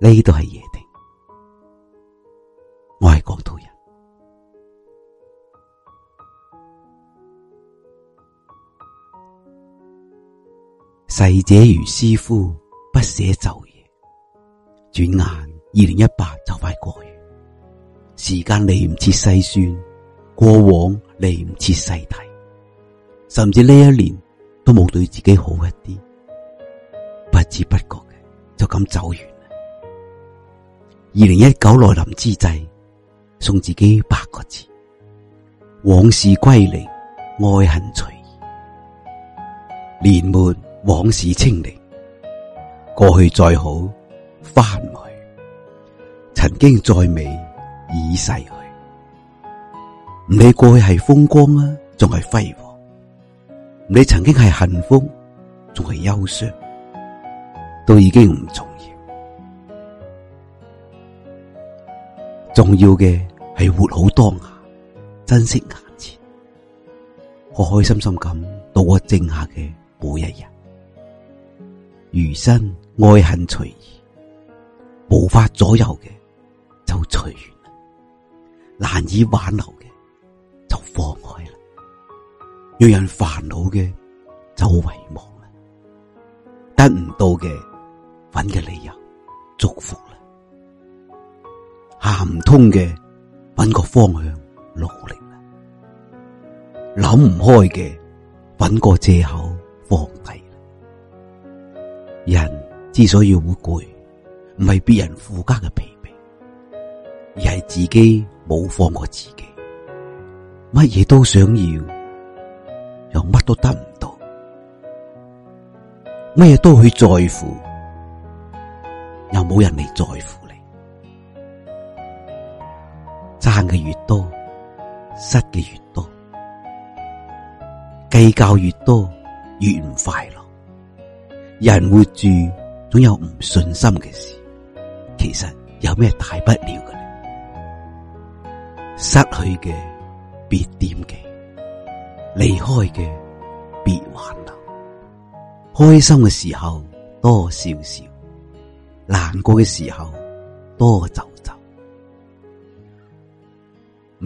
呢度係夜定，我係廣東人。逝者如斯夫，不舍晝夜。轉眼二零一八就快過去，時間嚟唔切細算，過往嚟唔切細睇，甚至呢一年都冇對自己好一啲，不知不覺嘅就咁走完。二零一九來臨之際，送自己八個字：往事歸零，愛恨隨意；年末往事清零，過去再好翻去，曾經再美已逝去。唔理過去係風光啊，仲係輝煌；唔理曾經係幸福，仲係憂傷，都已經唔錯。重要嘅係活好當下，珍惜眼前，開開心心咁度過剩下嘅每一日。餘生愛恨隨意，無法左右嘅就隨緣，難以挽留嘅就放開啦，讓人煩惱嘅就遺忘啦，得唔到嘅揾嘅理由祝福。行唔通嘅，揾個方向努力；諗唔開嘅，揾個借口放低。人之所以會攰，唔係別人附加嘅疲憊，而係自己冇放過自己。乜嘢都想要，又乜都得唔到；乜嘢都去在乎，又冇人嚟在乎。爭嘅越多，失嘅越多，計較越多越唔快樂。人活住總有唔順心嘅事，其實有咩大不了嘅呢？失去嘅別惦記，離開嘅別挽留，開心嘅時候多笑笑，難過嘅時候多走。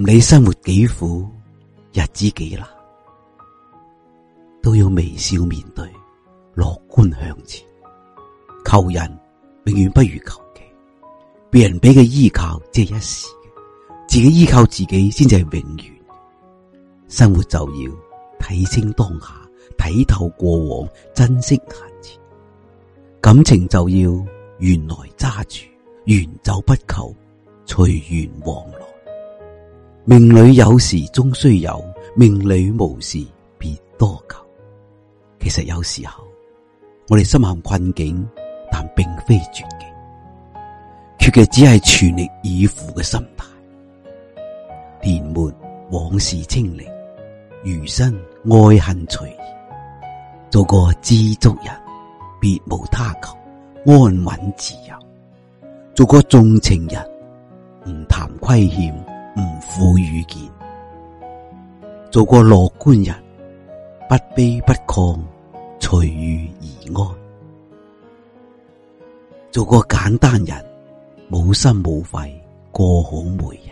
你生活幾苦，日子幾難，都要微笑面對，樂觀向前。求人永遠不如求己，別人俾嘅依靠只係一時嘅，自己依靠自己先至係永遠。生活就要睇清當下，睇透過往，珍惜眼前。感情就要緣來揸住，緣就不求，隨緣往來。命裏有時終須有，命裏無時別多求。其實有時候我哋深陷困境，但並非絕境，缺嘅只係全力以赴嘅心態。年末往事清零，餘生愛恨隨意。做個知足人，別無他求，安穩自由。做個重情人，唔談虧欠。唔負遇見，做個樂觀人，不卑不亢，隨遇而安。做個簡單人，冇心冇肺，過好每日。